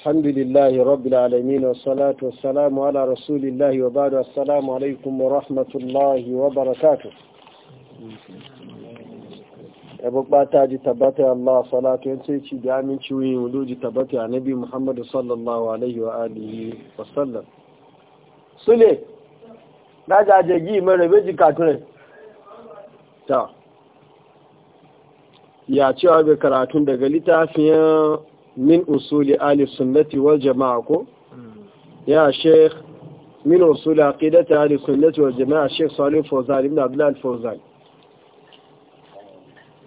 الحمد لله رب العالمين والصلاة والسلام على رسول الله وبعد السلام عليكم ورحمة الله وبركاته abu bata ji tabbata Allah salatu yan sai ci da aminci wuyin wudu ji tabbata annabi Muhammad sallallahu alaihi wa alihi wa sallam sule na ga je gi mara be ji katun ta ya ci abe karatun daga littafin min usuli ahli sunnati wal jama'a ko ya sheikh min usuli aqidati ahli sunnati wal jama'a sheikh salih fawzan ibn abdullah fawzan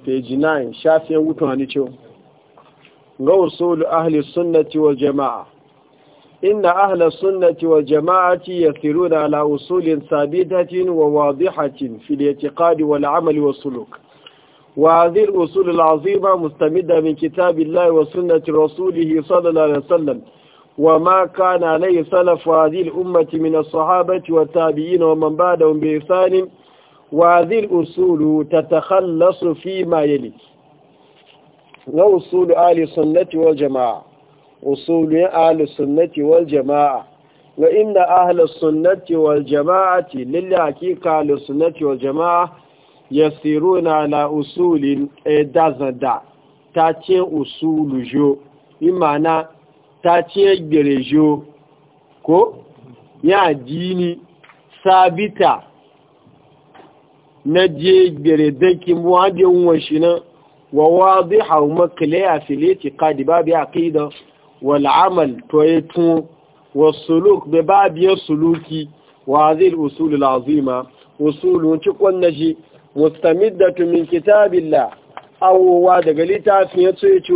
page 9 shafin wuto hani ce ga usulu ahli sunnati wal jama'a inna ahli sunnati wal jama'ati yasiruna ala usulin sabitatin wa wadihatin fil i'tiqadi wal amali wa suluk وهذه الأصول العظيمة مستمدة من كتاب الله وسنة رسوله صلى الله عليه وسلم وما كان عليه سلف هذه الأمة من الصحابة والتابعين ومن بعدهم بإحسان وهذه الأصول تتخلص فيما يلي وأصول أهل السنة والجماعة أصول أهل السنة والجماعة وإن أهل السنة والجماعة للحقيقة أهل السنة والجماعة Yasiru na ala usulin edazada eh, ta ce usulu jo imana ta ce gbere jo ko ya jini sabita na je gbere dankin wajen shi nan wa wazi hau makile a fileti kadi babi a kaida wal'amal to ya tun suluk bai babiyar suluki wa zai usulu lazima usulu cikon na shi mustamiddatu min kitabillah awwa daga littafin ya ce ce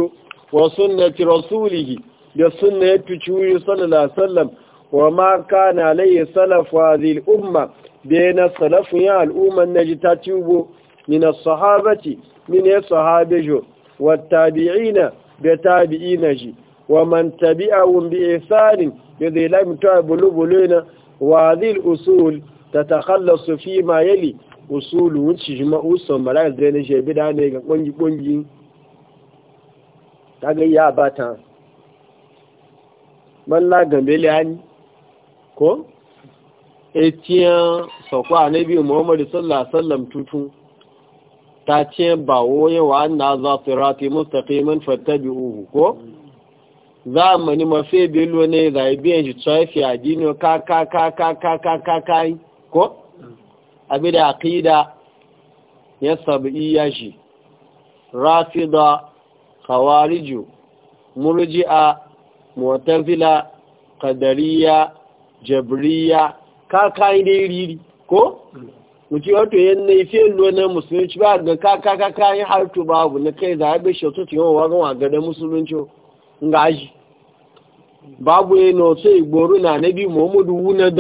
wa sunnati rasulihi da sunna ya tuci sallallahu alaihi wasallam wa ma kana alayhi salaf hadhihi umma bayna salaf ya al-umma najita tubo min as-sahabati min as-sahabijo wat tabi'ina da tabi'ina ji wa man tabi'ahum bi ihsan bi dhilam ta'bulu buluna wa hadhihi al-usul fi ma yali. usulu wuce shi ma'usan mara zai na shebi da ne ga ƙungi-ƙungi ta gayya ba ta malla gambe liyani ko etiyan sakwa na biyu muhammadu sallallahu sallam tutu ta ce ba woye wa an na za su rati mustaqiman fattabi uhu ko zamani mafi belo ne zai biyan shi tsofi a dino ka ka ka ka ka ka ka ko abin da aqida ya sab'iyya shi rafida khawariju murji'a mu'tazila qadariyya jabriyya ka kai dai riri ko mutu wato na ife lo na musulunci ba ga ka ka ka kai har babu na kai da abin shi to a wa ga ga da musulunci ngaji babu yana sai igboru na nabi muhammadu wuna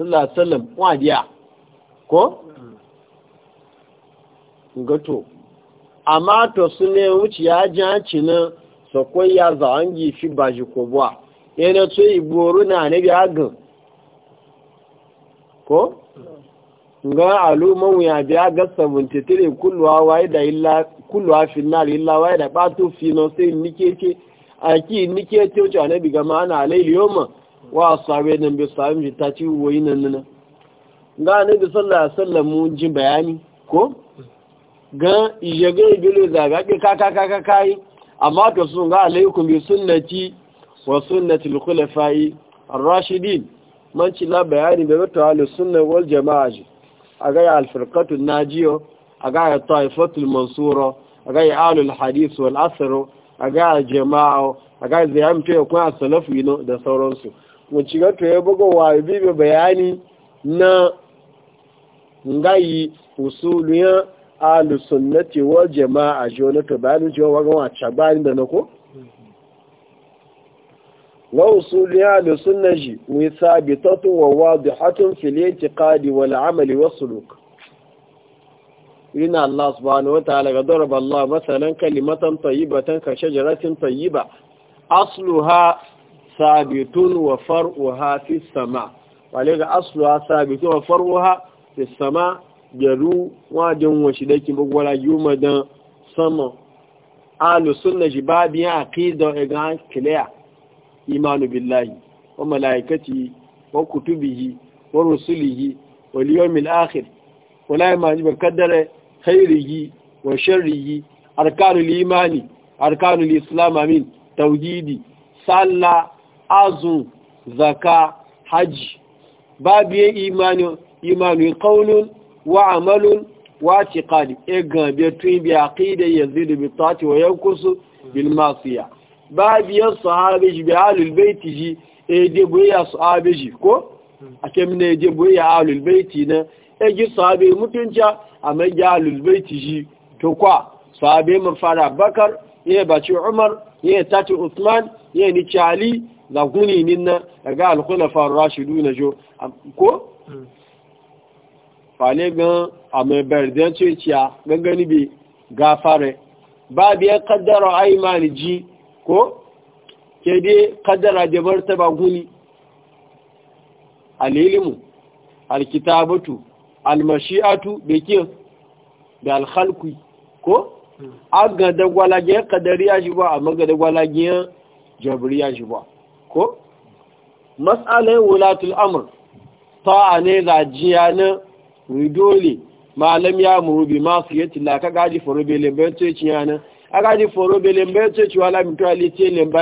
sallallahu alaihi wasallam wa ko gato amma to su ne wuce ya janci na sakwai ya zawangi fi ba shi ko buwa yana to igboro na ne biya gan ko ga aluman ya biya ga 73 kulluwa waye da illa kulluwa finnar illa waye da bato fino sai nike ce aki nike ce wuce annabi ga ma'ana alayhi yawma wa asabe nan bai mi ta ci woyi nan nan ga ne bi sallallahu alaihi wasallam mun ji bayani ko ga iyage ibile ga ke ka ka kai amma to sun ga alaikum bi sunnati wa sunnati al-khulafa'i ar-rashidin man ci la bayani da to ahlus sunna wal jama'a ji aga ya al-firqatu najiyo aga ya al mansura aga ya Al hadith wal asr aga al jama'a aga zai zamto ya a salafu da sauransu mucigato ya buga wa bibi bayani na ngayi usuliyan alusunnati wa jama'a a jona to bayani jo wa ga wacha bayani da nako wa usuliyan alusunnaji wa sabitatu wa wadihatun fil i'tiqadi wal amali wa suluk inna allah subhanahu wa ta'ala ga daraba allah masalan kalimatan tayyibatan ka shajaratin tayyiba asluha sabitun wa far'uha fi sama wale ga sabitun wa far'uha fi sama jaru wajen washi dake bugwara yuma dan sama alu sunna shi babi ya aqida kiliya imanu billahi wa malaikati wa kutubihi wa rusulihi wa liyawmil akhir wala imani ba kaddara khairihi wa sharrihi arkanul imani arkanul islam amin tauhidi sallah azun zaka haji babu ya imani imani kaunin wa amalin wa tiqadi e gambe tun bi ya zidu bi tati wa yankusu bil masiya babu ya sahabi bi alul baiti ji e de boya sahabi ji ko kem ne je boya alul baiti na e ji sahabi mutunca amma ja alul baiti ji to kwa sahabi mun fara bakar ya baci umar ya tatu Usman ya ni Ali, la guni ninna daga alkuna khulafa Rashidu na jo ko hmm. fale gan a mai ce ciya gangani bi gafare ba biya kaddara aymani ji ko ke dai kaddara da martaba guni alilimu alkitabatu almashi'atu bekin, da al ko aga da gwalagen kadariya shi ba amma ga da gwalagen jabriya shi ba ko mas'alai wulatul amr ta'a ne zajiya na ridole malam ya muru bi ma su ka gaji foro be lembe to ci yana a gaji foro be lembe to ci wala mi to ali ti lembe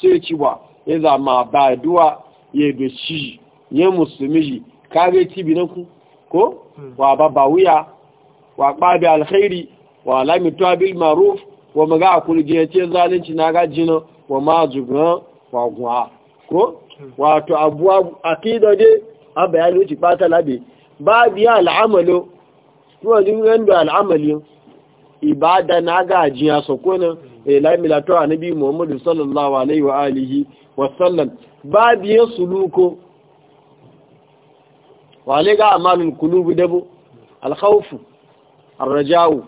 to ba ya za ma ba duwa ya do shi ya musulmi ji na ku ko hmm. wa ba ba wuya wa ba bi alkhairi wa alami tuwa bil maruf wa maga a kulgi ce zalunci na jina wa ma zugan wa ko wato abuwa a de dai a bayani wuce bata labe ba biya al'amalo kuma jirgin da al'amalin ibada na gajiya sokonin ilami latuwa na eh, anabi muhammadu sallallahu alaihi wa alihi wa sallam ba biya suluko wale ga amalin kulubu dabo ar Raja'u.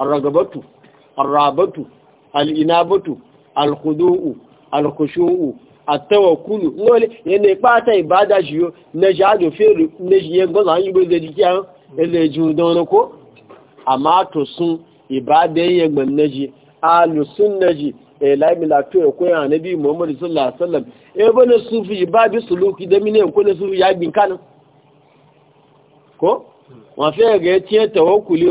الرغبة الرابة الإنابة الخضوع الخشوع التوكل نقول يعني باتا إبادة شيو نجاد فير نجيه غضا يبو ذلك ele judon ko amma to sun ibada yegban naji alusun naji e laimi lato ya koya Muhammad sallallahu alaihi wasallam e bane sufi ibabi suluki da mine ko ne sufi ya bin kana ko wa fe ga yace tawakkuli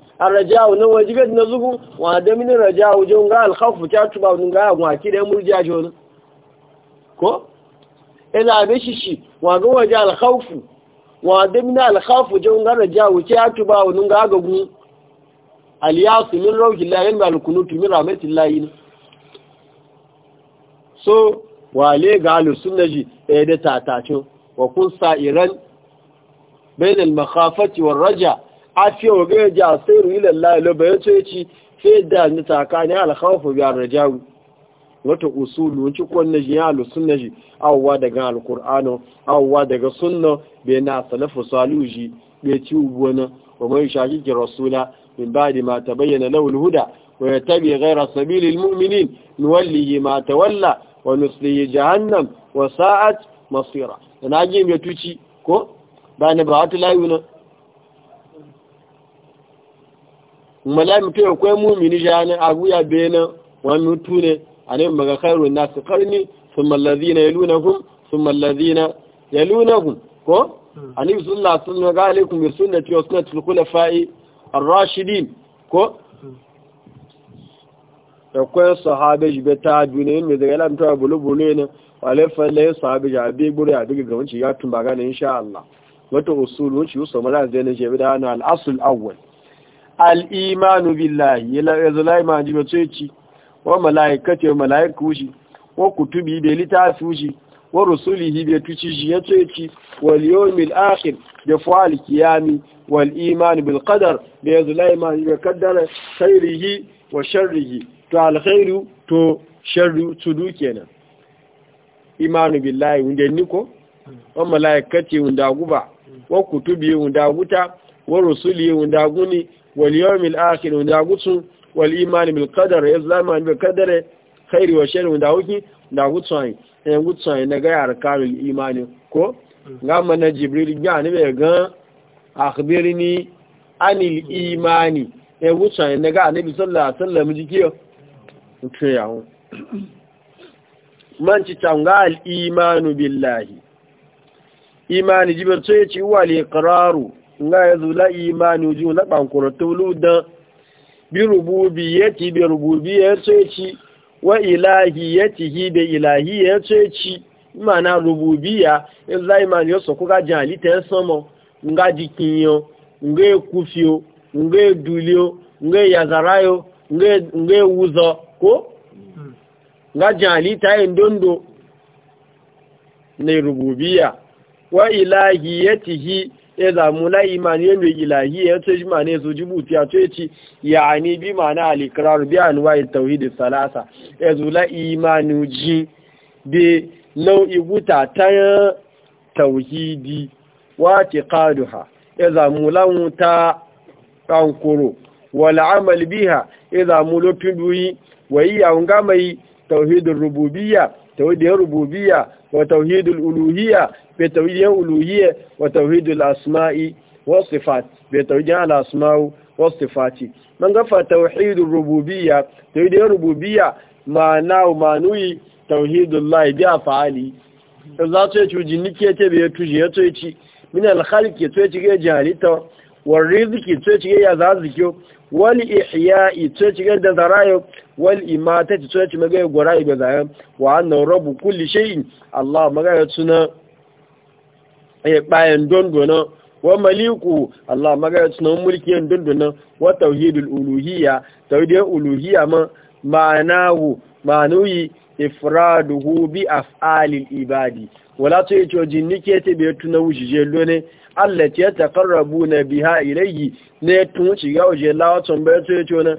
arraja'u na waje gadi na zugu wa da mini raja'u jon ga alkhawfu ta tuba mun ga wa ki da murja jon ko ina be shi shi wa ga waje alkhawfu wa da mini alkhawfu jon ga raja'u ta tuba mun ga ga gu aliyasu min rawji lillahi wal kunutu min rahmatillahi so wale ga ji e da tatacin wa kun sa sa'iran bainal makhafati war raja' a ce wa ji a tsiru ilallahi lo bayan ce ci sai da ni tsakanin alkhawfu bi arjawu wata usulu wanci cikon na ji yalu na ji awwa daga alqur'ano awwa daga sunna bai na salafu saluji be ci ubona wa man shaki rasula min ba'di ma bayyana lahu alhuda wa yattabi ghayra sabili almu'minin nuwallihi ma walla. wa nuslihi jahannam wa sa'at masira na ji me tuci ko ba ni ba wata na. mala mutu ya kwai mumini jani aguya bena wa mutu ne ane maga khairu nasu qarni thumma alladhina yalunahum thumma alladhina yalunakum ko hmm. ani sunna sunna ga alaikum bi sunnati wa sunnati al-khulafa'i ar-rashidin ko da hmm. kwai sahabe jibe ta juna ne daga lam ta bulu bulu ne wale falle sahabe jabe gure a daga gaban shi ya tumba ga ne insha Allah wato usul wuce usul mala zai ne jebe da al-asl awwal al'imanu billahi yanzu la'iman ji ba tsoci wa mala'ikata wa mala'iku shi wa kutubi bai littafi shi wa rasulihi bai tuci shi ya tsoci wa yawmil akhir da fa'al kiyami wa al’imanu bil kadar da yanzu la'iman ji ba kaddara sairihi wa sharrihi to alkhairu to sharru duke nan. imanu billahi wanda niko wa mala'ikati wanda guba wa kutubi wanda guta wa rusuli wanda guni wal yawmil akhir da gutsu wal iman bil qadar islama bil qadar khairi wa sharri da huki da gutsu ai eh gutsu ai na ga arkanul iman ko ga jibril ga ne be ga akhbirni anil imani eh gutsu ai na ga annabi sallallahu alaihi wasallam jikiyo mutiyawo man al imanu billahi imani jibril sai ci wal iqraru nga ya zula imani uji na bankuro tuludan bi rububiyyati bi rububiyyar ceci wa ilahiyatihi bi ilahiyyar ceci mana rububiyya illa imani yoso kuka jan alita somo nga dikinyo nga ekufio nga edulio nga yazarayo nga ewuzo ko nga jan alita endondo na rububiyya wa ilahiyatihi ya zamu imani ya mai ilahi ya ce shi mane su jibuti ya ce ci ya ni bi mana alikrar bi tauhi da salasa ya zula imani ji bi nau'i guta ta tauhidi wa tiqaduha ya zamu lan ta kankuro amal biha ya zamu lotuduyi wa yi iya ngamai tauhidin rububiya tauhidin rububiya wa tauhidul uluhiyya fi tawhidin uluhiyya wa tawhidul asma'i wa sifat bi tawhidin al asma'i wa sifati man gafa tawhidur rububiyya tawhidin rububiyya ma'ana wa manuyi tawhidul lahi bi afali za ta ci jinike ce bi tuji ya to ci min al khalqi to ci ga jahalita wal rizqi to ci ga ya zazikiyo wal ihya'i to ci ga da zarayo wal imata to ci magaya gorayi ga wa anna rabbu kulli shay'in allah magaya suna ya bayan dondona wa maliku Allah magana mulki mulkiyan dondona wa tauhidul uluhiyya tauhidul uluhiyya ma ma'anahu ma'anuyi ifraduhu bi af'alil ibadi wala to yace jinnike ta bai tuna wujije lone Allah ta taqarrabu na biha ilayhi ne tun shiga waje lawa ton bai to yace na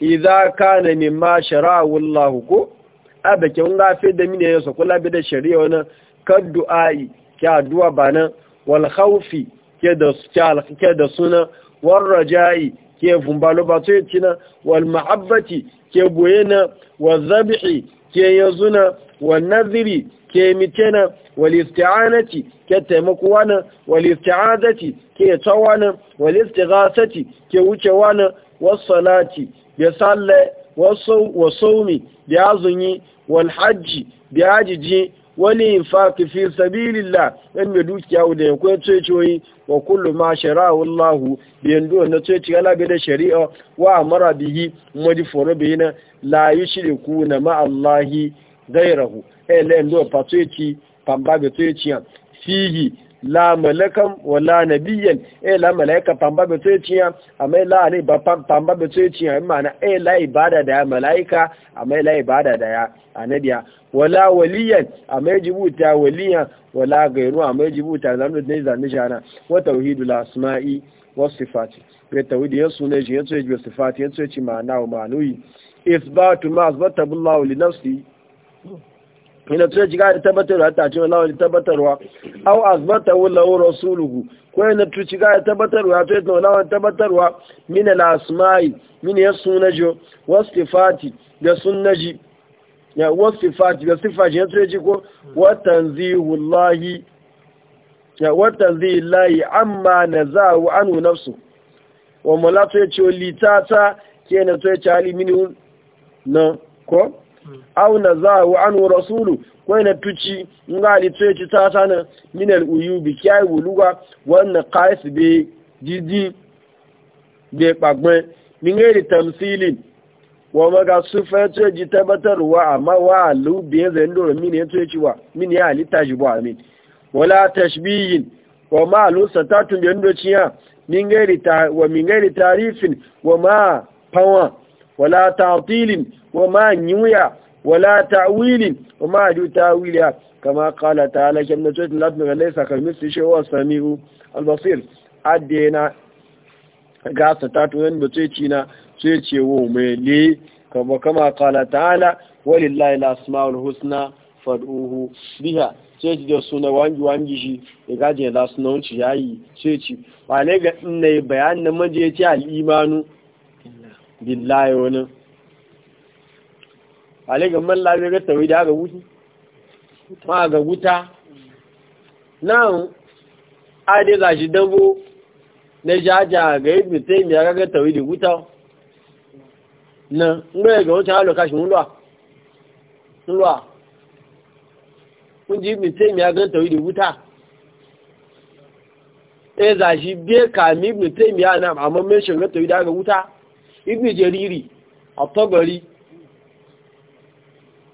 idza kana mimma shara'u Allah ko abake un gafe da mine yasa kula bi da shari'a wannan kaddu'ai ke addu'a ba nan wal ke da suna wal raja'i ke vumbalo ba to yace na wal mahabbati ke boyena wal zabhi ke yazuna wal nadhiri ke mitena wal isti'anati ke taimakowana wal isti'adati ke tawana wal istighasati ke wucewana was salati bi salle wasu wasaumi bi azunyi wal hajji bi ajiji wani infaki fi sabilillah yan mai dukiya da yankwai tsoyoyi wa kullum ma shara'u Allah bi yanzu na tsoyoyi ala bi da shari'a wa amara bihi mudi foro bi na la ku na ma Allah gairahu eh le ndo patsoyoyi pamba bi tsoyoyi fihi la malakan wala nabiyan eh la malaika pamba be to ciya amma eh, la ne ba pamba be to amma na eh la ibada da malaika amma eh, la ibada da ya anabiya wala waliyan amma eh, jibuta waliya wala gairu amma jibuta zamu da zanni shana wa tauhidul asma'i was sifati be tauhid ya sunne shi ya tsoye sifati ya tsaye ci ma'ana wa ma'anoyi isbatu ma billahi li nafsi ina ce jiga da tabbatarwa ta ce lawa da tabbatarwa aw azbata wallahu rasuluhu ko ina ce jiga da tabbatarwa ce ita lawa tabbatarwa min al asma'i min yasunajo wasifati da sunnaji ya wasifati da sifaji ya ce ko wa tanzihullahi ya wa tanzihillahi amma nazahu anu nafsu wa mulatu ya ce litata kenan to ya ce hali minhu na ko aw na za'u anhu rasulu ko na tuci ngali tuci ta tana min al uyubi kai wuluga wannan qais be jiji be pagbon min gairi tamsilin wa maga sufa tuci tabbatarwa amma wa lu be zan dora min ya tuci wa min ya alita jibu amin wala tashbihin wa ma lu satatun be ndo ciya min gairi ta wa min tarifin wa ma pawa wala ta'tilin wa ma nyuya wala ta'wilin wa ma ju ta'wila kama qala ta'ala kam na tutin labna laysa kalmisi shay'un samiu al-basir adena ga ta tatuwan muteci na sai ce wo mele kama kama qala ta'ala walillahi al-asmaul husna fad'uhu biha sai ci da suna wangi wangi shi ya gaje da sunan ya yi sai ci ba ne ga inne bayanin maje ci al-imanu billahi wani aligan malla bai ga tawi da ga wuce ma ga wuta nan ade za shi dabo na jaja ga yi mutum da ya ga tawi da wuta na ngbe ga wuta halo kashi nulwa. Nulwa. kun ji mutum ya ga tawi da wuta ɗaya e za shi biye kami mutum ya na amma mashin shirin ga tawi da ga wuta ibn jariri a tagari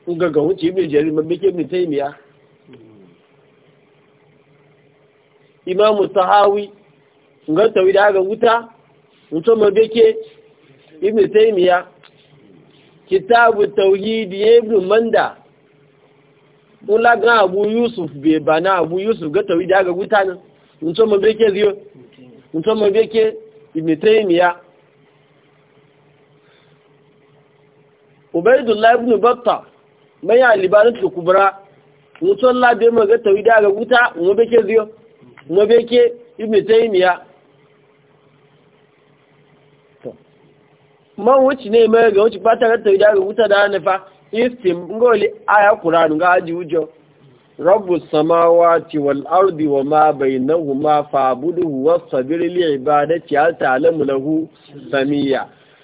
gaga wuce ibn ma bekee ibn imiya. imamu tahawi ngan tawi da aga wuta mutum mabike ibn taimiya kitabu tauhidi ya ibn manda mula abu yusuf be bana abu yusuf ga tawi da aga wuta nan mutum mabike ziyo mutum mabike ibn taimiya ubaidullah ibn batta mai alibanatul kubra mutum labe mai ga tawida ga wuta mu beke ziyo mu beke ibn taymiya man wuci ne mai ga wuci fata ga tawida ga wuta da nafa istim ngoli aya qur'an ga aji wujo rabbus samawati wal ardi wa ma bainahuma fa'buduhu was sabir li ibadati hal ta'lamu lahu samiya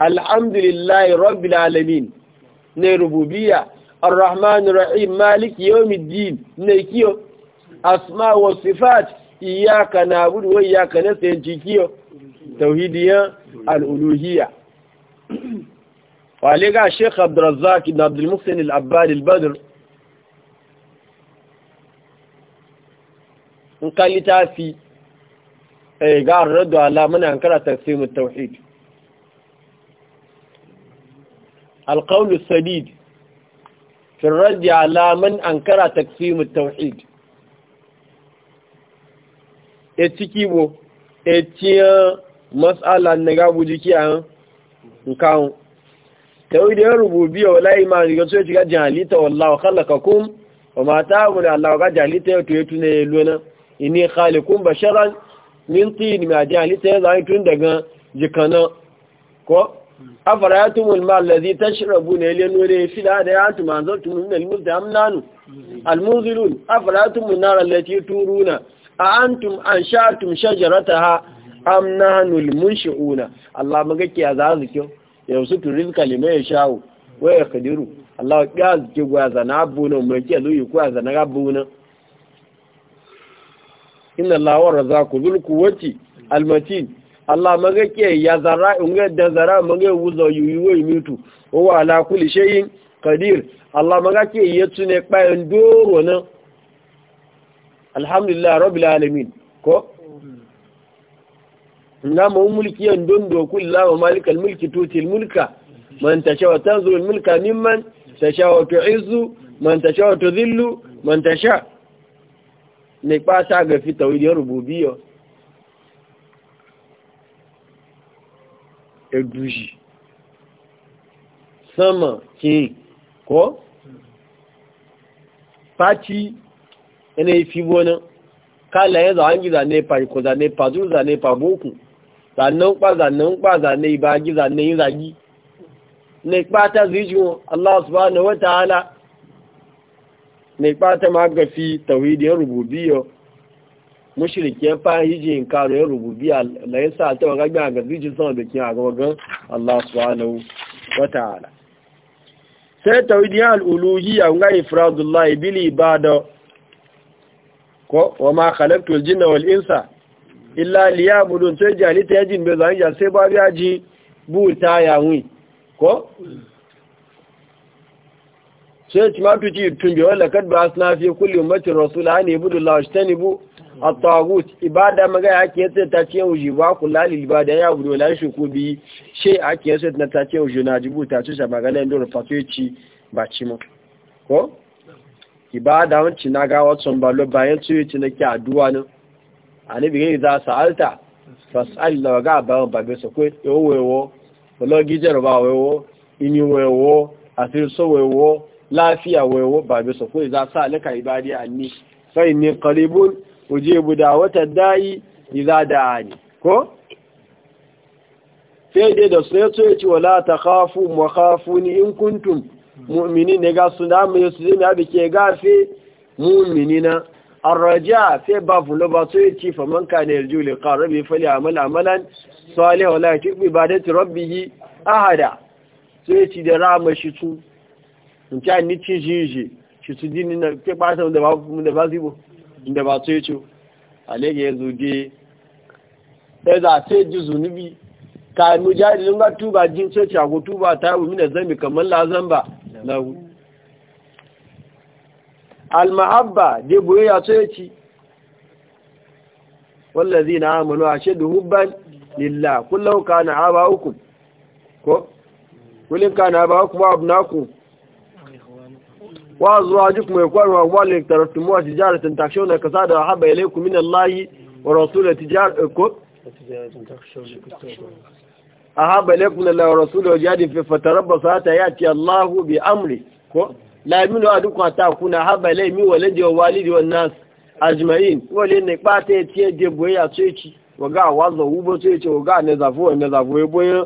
alhamdulillahi rabbil alamin ne rububiya arrahmanir rahim maliki yawmiddin ne kiyo asma wa sifat iyyaka na'budu wa iyyaka nasta'in kiyo tauhidiyya al-uluhiyya wale Sheikh Abdul Razzaq ibn Abdul Muhsin al in kalita fi eh, ga radu ala muna karanta tafsirut tauhid alƙaunin sadid firar da alamun an kara taksimin tawhid e bo e ciyan matsala na gabu jiki a nkawun tawhidiyar rububiya wala imani ga so ya shiga jihalita wallawa kallaka kuma wa mata mu da Allah ga jalita yau to ya tuna ya lona ini khaliqun basharan min tin ma jalita ya zai tun daga jikana ko afarayatun ulma allazi tashrabu ne ile ya fila da ya tuma zartu min almuzda amnanu almuzilun afarayatun munara allati turuna a antum anshatum shajarataha am nahnu almunshi'una Allah maga kiya za su kyau yau su turin kalima ya shawo wa ya kadiru Allah ya zuke gwa na abuna mai kiya zuyi kwa zana abuna inna Allah wa razaqu dhul quwwati almatin Allah maga ke ya zara inga da zara maga wuzo yuyiwo mitu o wa ala kulli shay'in qadir Allah maga ke ya ne payan doro na alhamdulillah rabbil alamin ko ma mu mulki yan kuli kullahu malikal mulki tutil mulka man tasha wa tanzul mulka mimman tasha wa tu'izzu man tasha wa tudhillu man tasha ne pa sa ga fi tawhidin rububiyya eduji sama ke ko Fati yana yi fi wani kala ya zawon giza ne farko zane fazur zane faboku zanen kwa zanen kwa zane ibagi zane yin zagi na ikpata zijiyo Allah subhanahu wa ta'ala na ikpata magafi tawhidin rububiyar mushrike fahije in karo ya rububi la ya sa ta wagagbin a gazijin sama da kin a gabagan Allah subhanahu wa ta'ala sai tawidiyar al'uluhiyya ga ifradullahi bil ibada ko wa ma khalaqtul jinna wal insa illa liya'budun sai jalita yajin be zan ya sai ba ya ji buta ya wi ko sai timatu ji tumbe wala kad ba asna fi kulli ummatin rasul an ibudu la ashtanibu a tagut ibada magana ake yadda ta ce wuji ba ku lalil ibada ya wudo lan shi ku bi she ake yadda ta ce wuji na jibu ta ce magana ndo rufatoci ba ci mu ko ibada wancin na ga watson balo bayan su yi na ke aduwa ne a ni bigin za su alta fasal ga waga bayan babe su ko yowewo ologijar ba wewo ini wewo asirso wewo lafiya wewo babe su ko za sa alika ibadi a ni sai ne karibun ujibu wata da'i idza da'ani ko sai dai da sai yato yace wala takhafu wa khafuni in kuntum mu'minin ne ga su da mu su ne abi ke gafe mu'minina arraja sai ba fulo ba so yace fa man kana yarju liqa rabbi fali amala amalan salih wala yushrik ibadati rabbih ahada sai yace da rama shi tu in ta ni ci jiji shi su dinin na ke ba da ba da ba zibo inda ba su yace alege ya zuge ya za sai ji zunubi ka mu jahilin ga tuba jin sai ko tuba ta yi mina zambi kamar lazan ba. lahu al mahabba dai boye ya so yace wallazina amanu ashadu hubban lillah na haba hukum. ko kullum ka kullu ba abu na abnakum wazuwa duk mai kwarwa wale tarattun mawa tijara ta takshau na kasa da haɓa ilaiku min Allahi wa rasulun tijara a eh, ko? a haɓa ilaiku min Allahi wa rasulun wa jihadin fata rabba sa ta ya ce Allahu bi amri ko? laminu a duk wata kuna haɓa ilaimi wa lade wa walidi wa nas ajma'in wale ne ɓata ya ce da boye a tsoci wa ga wazo wubo tsoci wa ga ne zafo wa ne ya boye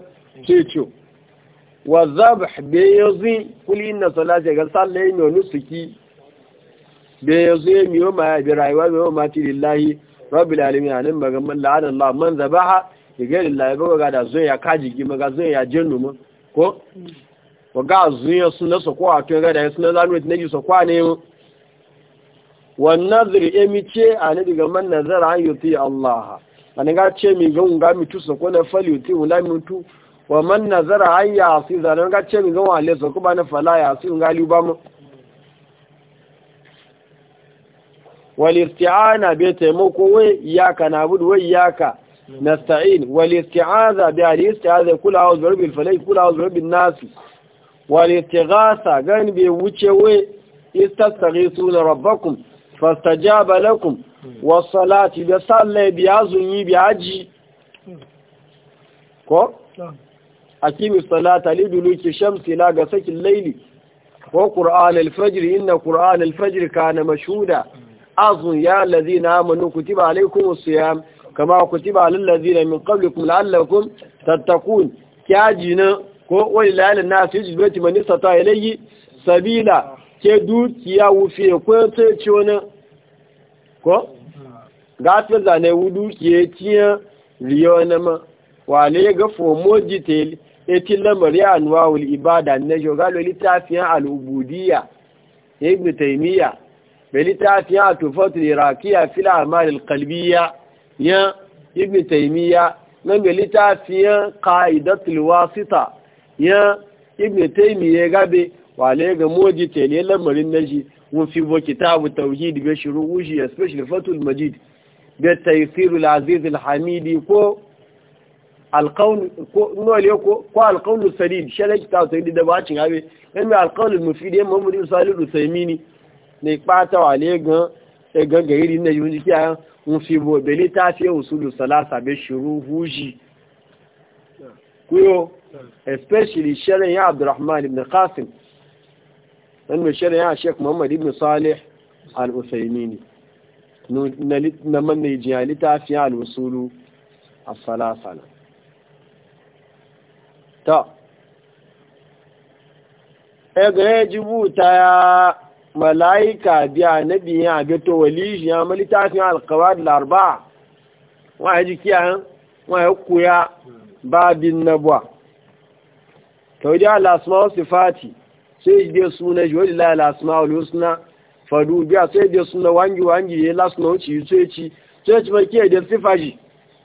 wa zabh be yozi kuli inna salati ga sallai no nusuki be yozi mi o ma bi rayuwa mi o ma ti lillahi rabbil alamin anan ba ga man la'ana allah man zabaha ga lillahi ba ga da zoya kaji ki ma ga zoya jinnu mu ko wa ga zuya sunna so ko ato ga da sunna zanu ne ji so kwa ne mu wan nazri emice anabi ga man nazara an yuti allah anan ga ce mi ga unga mi tu so ko na fali yuti wala mi tu wa man nazara an ya asi zanen ga ce mi gawa le so kuma na fala ya asi ga ba mu wal isti'ana bi taimako wai iyaka nabudu wai iyaka nasta'in wal isti'aza bi al isti'aza kula a'udhu bi al falaq kula a'udhu bi an-nas wal istighatha gan bi wuce wai istastaghisuna rabbakum fastajaba lakum was salati bi sallai bi azumi bi aji ko akimi salata li duluki shamsi la ga sakin laili wa qur'an al-fajr inna qur'an al-fajr kana mashhuda azun ya allazina amanu kutiba alaykumus siyam kama kutiba alal ladzina min qablikum la'allakum tattaqun kyajina ko wani lalin nasu yi jibirti manista ta sabila ke dukiya wufe ko ta ci wani ko? ta zane dukiya ciye riyo na ma wale ga fomo detail eti lamari anwawul ibada na jogalo littafin al'ubudiyya ibn taymiya da littafin atufatul iraqiya fil a'mal al-qalbiyya ya ibn taymiya na da littafin qa'idatul wasita ya ibn taymiya gabe wale ga moji tele lamarin shi mun fi bo kitabu tauhid bi shuruhi especially fatul majid da taysirul aziz al-hamidi ko alƙaunin ko nole ko ko alƙaunin sadid shalaki ta sai da bacin abe yan mai alƙaunin mufid yan mamuri usali rusaimini ne kpata wa le gan e gan gairi na yunji kiya un fi bo bele ta fi usulu salasa be shuru huji kuyo especially sharin ya abdurrahman ibn qasim yan mai sharin ya sheikh muhammad ibn salih al-usaimini na manne jiyali ta fi al-usulu as-salasa ta ẹgbẹ̀rẹ́ jibu ta ya mala'ika biya na biyan abito walishi ya malitafin da larba wa ya jiki yan wa ya kuya babin nabuwa taudi al'asma'u fati sai su na ji wani la'ala asma'u lusna fadu biya sai jibe suna wangi-wangi ya lasna wuce yi tsoci tsoci marke da sifaji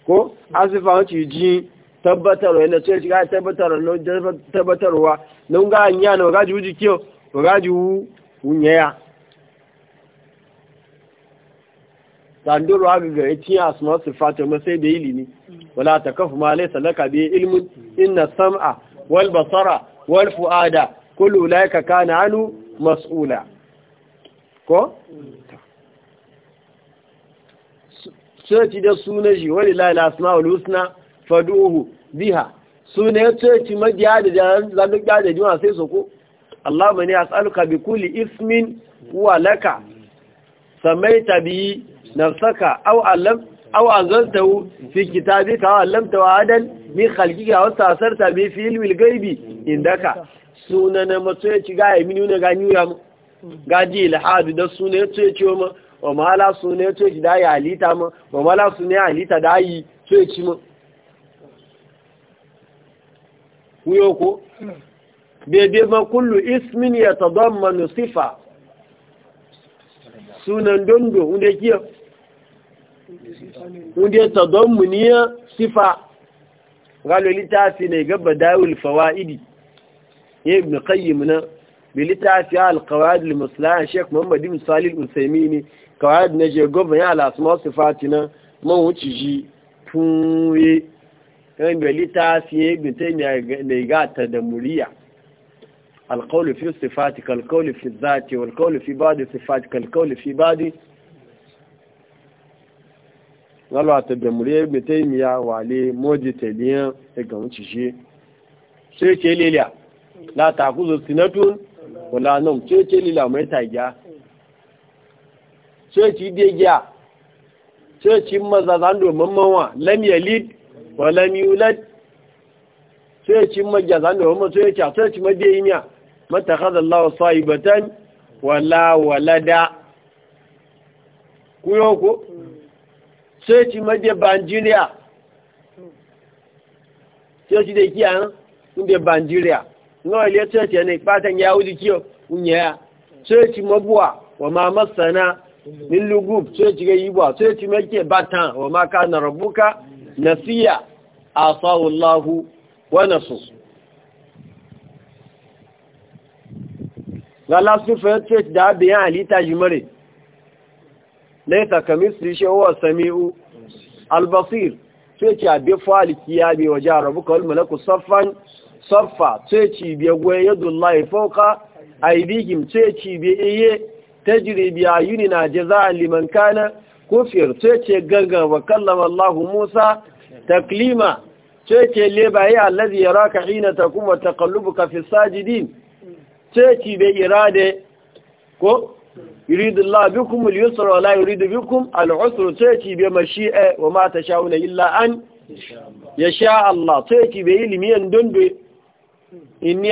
ko asifa wuce yi jini tabbatarwa yana so ya shiga tabbatarwa na tabbatarwa na ga anya na wagaji wuji kiyo wagaji wu wunyaya tandoro aka ga ya ciye asma su fata ma sai da ilimi wala ta kafa ma laisa laka biya ilmin inna sam'a wal basara wal fuada kullu laika kana anu mas'ula ko sai da sunan shi wani al-asma'ul husna faduhu biha su ne coci mabiya da zandukiya da jima sai soko Allah mani a tsaluka bi kuli ismin wa laka samai tabi saka? au a zanta fi kitabi ka wa lamta wa adan min halkika wasu tasar tabi fi ilmi gaibi indaka suna na mato ya ci gaya mini wani gani ya mu gaji ilhadu da suna ya ce ciwo ma wa mala suna ya ce da ya halita ma wa mala suna ya halita da yi ce ci ma ويوكو بيبما كل اسم يتضمن صفة sunan dondo wanda kiyo wanda ya tadammuniya sifa galo littafi ne gaba dawul fawaidi ya ibn qayyim na bi littafi al-qawaid al-muslah sheikh muhammad ibn salih al-usaymini qawaid na je gaba ya al-asma sifati na man wuci ji tun kan beli ta fiye bintai ne ga ta da muriya alkawli fi sifati kalkawli fi zati walkawli fi badi sifati kalkawli fi badi lọ́lọ́ àtẹ̀bẹ̀mùrẹ́ gbẹ̀tẹ́ ìmìyà wà lè mọ́jì tẹ̀lẹ́yàn ẹgbẹ̀rún ti ṣe ṣe ṣe lélẹ̀ látàkúzò sinatun ọ̀lànà ṣe ṣe lélẹ̀ walam yulad sai ci magyaza da kuma sai ci sai ci madiyina matakhadha Allah sahibatan wala walada kuyo ko sai ci madiya banjiriya da banjiriya ile sai ne fatan ya wuji kiyo unya sai ci wa ma masana min lugub sai ci ga yibwa sai ci batan wa ma kana rabbuka nasiya asahu Allahu wa nasu gala sufa church da na yi jimare su rishe shewa sami'u albasir church ya abi faliki ya bi waje rabu wal malaku saffan saffa church bi gwaye yi fawqa aidihim church biya iye Yuni na jaza'an liman kana kufir sai ce ganga kallama Allah Musa taklima sai ce lebaye allazi yaraka hina takum wa taqallubuka fi sajidin sai ci be irade ko yuridu Allah bikum al-yusra wa la yuridu bikum al-usra sai ci be mashi'a wa ma illa an yasha Allah sai ci inni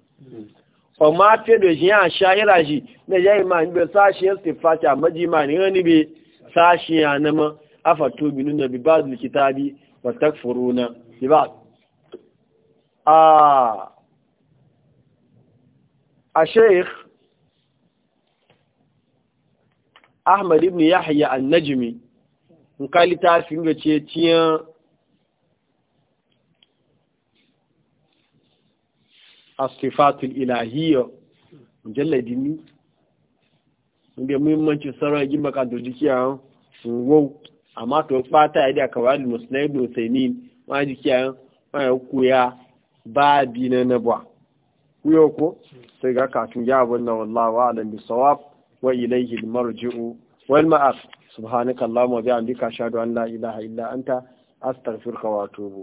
ọmọ afẹ́dọ̀ ṣe àṣà ìràṣì ṣì lẹ́yìn ìmọ̀ níbẹ̀ sáṣẹ́ ẹ̀sìn fàtí àmọ́jìmá nìyẹn níbi sáṣẹ́ ànámọ́ afàtóbi nínú bí bá dùn kíta bí wàtẹ́kfòrò náà asifatul ilahiyya mujalladi ni inda muhimmanci sauran gima ka doji sun wau amma to fata ya da kawai musulai da ma jikiya ya koya ba bi na nabwa kuyo ko sai ga kafin ya abun na wallawa wa bi sawab wa ilayhi al marji'u wal ma'af subhanakallahumma wa bihamdika ashhadu an la ilaha illa anta astaghfiruka wa atubu